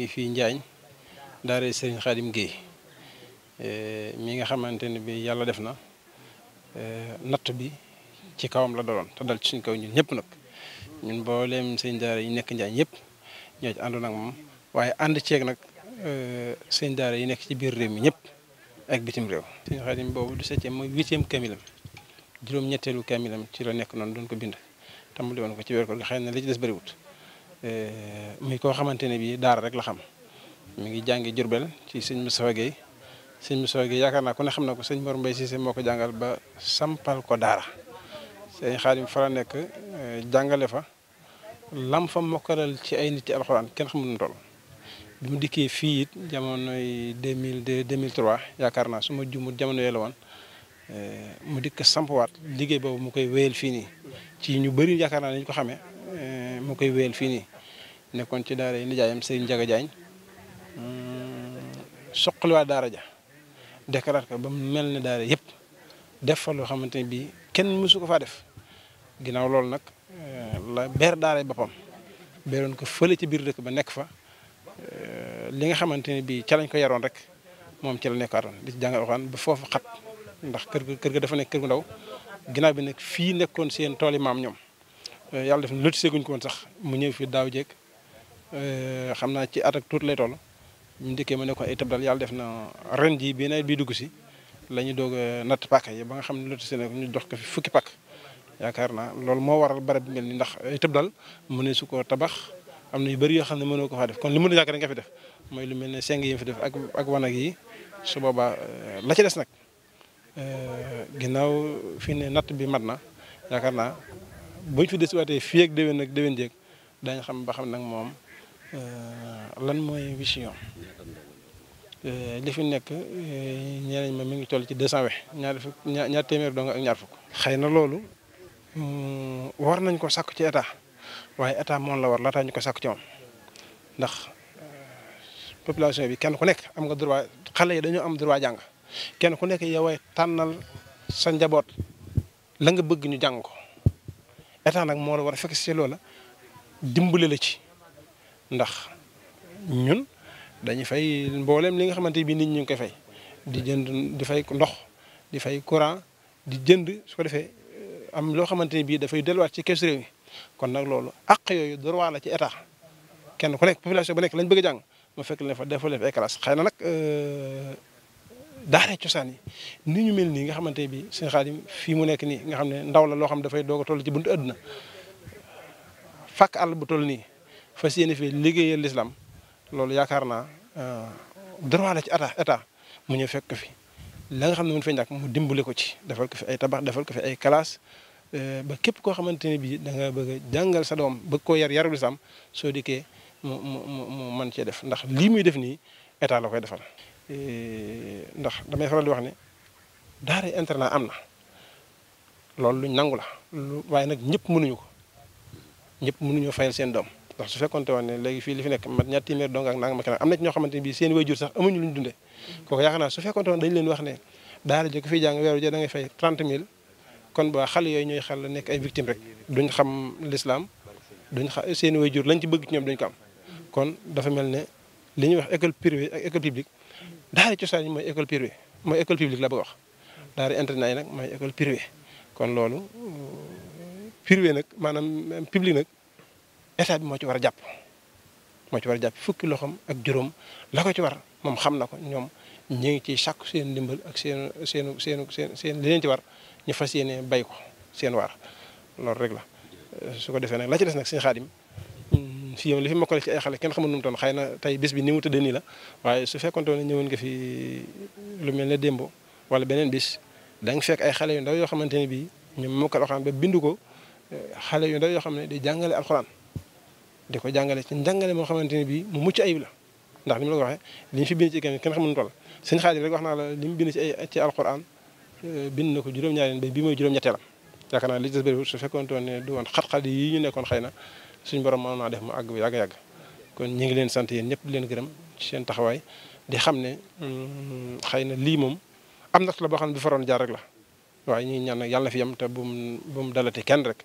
ngi fii Njaañ daara Serigne Khadim Gueye eh, mi nga xamante ne bi yàlla def na eh, natt bi ci kawam la daloon te dal ci suñ kaw ñun ñëpp nag ñun mbooleem sëñ daara yi nekk Njaañ ñëpp ñoo ci àndoon moom waaye ànd ceeg nag eh, sëñ daara yi nekk ci biir réew mi ñëpp ak bitim réew. Serigne Khadim boobu du septième mooy huitième kamilam juróom-ñetteelu kamilam ci la nekk noonu doon ko bind tàmbali woon ko ci weer ko nga xam ne li ci des bëriwut. Eh, muy koo xamante ne bii daara rek la xam mu ngi jàngi Jurbel ci sëñ Moustapha Guèye sëñ Moustapha Guèye yaakaar naa ku ne xam na ko sëñ Mor Mbaye Cissé moo ko jàngal ba sampal ko daara sëñ Xaadim fa la nekk eh, jàngale fa lam fa mokkalal ci ay nit ci alxuraan kenn xamul nu toll bi mu dikkee fii it jamonoy 2002 2003 yaakaar naa suma ma jamono yee la woon eh, mu dikk sampuwaat liggéey boobu mu koy wéyal fii nii ci ñu bari yaakaar naa dañu ko xamee Eh, mu koy wël fi ni nekkon ci daara yi jaayam Serigne Ndiaga hmm, soxlu wa daara ja déclarer ko ba melni daara yépp def fa lo xamanteni bi kenn musu ko eh, fa def eh, ginaaw lool nak la ber daara bopam beron ko feele ci bir rek ba nek fa li nga xamanteni bi ci lañ ko yaron rek mom ci la nekkaatoon di jang jàngal ba foofu xat ndax kër ga kër ga dafa nek kër gu ndaw ginaaw bi nek fi nekkon seen tool yi Euh, yàlla def na lotissé guñ ko sax mu ñëw fii daaw jekk euh, xam naa ci at ak tuut lay toll ñu njëkkee ma ne ko ay eh, tëb daal yàlla def na ren ji bi nawet bi dugg si la ñu doog a natt pàkk yi ba nga xam ne lotissé na ñu jox ko fi fukki pàkk yaakaar naa loolu moo waral barab bi mel ni ndax ay eh, tëb daal mu ne su ko tabax am na yu bëri yoo xam ne mënoo ko faa def kon li mu a yàgg rek nga fi def mooy lu mel ne seng yi fi def ak ak wanag yi su boobaa euh, la ci des nag ginnaaw fi ne bi mat na yaakaar naa buñ fi desiwaatee fii ak déwén ak déwén jéeg daañu xam ba xam nag moom euh, lan mooy vision euh, li fi nekk euh, ñeneen ma mi ngi toll ci deux cent ñaar fukk ñaar doo dong ak ñaar fukk. xëy na loolu mm, war nañ ko sàkk ci état waaye état moom la war laataa ñu ko sàkk ci moom ndax population bi kenn ku nekk am nga droit xale yi dañoo am droit jàng kenn ku nekk yow ay tànnal sa njaboot la nga bëgg ñu jàng ko. état nag moo la war a fekk si loola dimbale la ci ndax ñun dañu fay mbooleem li nga xamante bi nit ñu ngi koy fay di jënd di fay ndox di fay courant di jënd su ko defee euh, am loo xamante ni bii dafay delluwaat ci kees mi kon nag loolu àq yooyu droit la ci état kenn ku nekk population bu nekk lañ bëgg a jàng moo fekk leen fa defal leen fa ay classes xëy na nag euh, daara cosaan yi ni ñu mel nii nga xamante bi sëñ Xaadim fii mu nekk nii nga xam ne ndaw la loo xam dafay doog a ci buntu àdduna fàkk àll bu toll nii fas yéene fii liggéeyal lislaam loolu yaakaar naa euh, droit la ci état état mu ñëw fekk fi la nga xam ne mun fay ñàkk mu dimbale ko ci defal ko fi ay tabax defal ko fi ay classe euh, ba képp koo xamante ne bii da nga bëgg jàngal sa doom bëgg koo yar yarul lislaam soo dikkee mu mu mu cee def ndax lii muy def nii état la koy defal Eh, ndax damay faral di wax ne daara internat am na lool luñ nangu la lu waaye nag ñëpp mënuñu ko ñëpp mënuñoo fayal seen doom ndax su fekkonte woon ne léegi fii li fi nekk mat ñaar téeméer dong ak nangam ak nangam am na ñoo xamante ne bii seen wayjur sax amuñu luñ dundee kooku yaakaar naa su fekkonte woon dañu leen wax ne daara ji ko fiy jàng weeru ji da fay 30 mill kon ba xal yooyu ñooy xel nekk ay victime rek duñ xam l'islam duñ xam seen wayjur lañ ci bëgg ñoom duñ ko am kon dafa mel ne li ñuy wax école privée ak école publique daara cosaan mooy école privée mooy école publique la bëgg wax daara internat yi nag mooy école privée kon loolu privé nag maanaam public nag état bi moo ci war a jàpp moo ci war jàpp fukki loxoom ak juróom la ko ci war moom xam na ko ñoom ñu ngi ciy sàkku seen ndimbal ak seen seen seen seen seen ci war ñu fas yéene bay ko seen waar loolu rek la su ko defee nag la ci des nag seen xaadim fii li fi mokkale ci ay xale kenn xamul nu mu toon na tey bis bi ni mu tëddee nii la waaye su fekkonte ne ñëwoon nga fi lu mel ne démb wala beneen bis da nga ay xale yu ndaw yoo xamante ne bii ñu mokkal alxuraan bindu ko eh, xale yu ndaw yoo xam ne di jàngale alxuraan di ko jàngale ci njàngale moo xamante ne bii mu mucc ayib la ndax ni ma la ko waxee fi bind ci kenn kenn xamul nu mu toll seen xaalis rek naa la li mu bind ci ay ci eh, na ko juróom-ñaareen ba bii mooy juróom-ñetteelam yaakaar su fekkonte ne du woon xat-xat yi ñu nekkoon xëy na suñu borom ma naa def mu àgg bu yàgg yàgg kon ñu ngi leen sant yéen ñëpp di leen gërëm ci seen taxawaay di xam ne mm, xëy na lii moom am na la boo xam ne bi faroon jaar rek la waaye ñuy ñaan nag yàlla na fi yem te bu mu bu mu dalati kenn rek.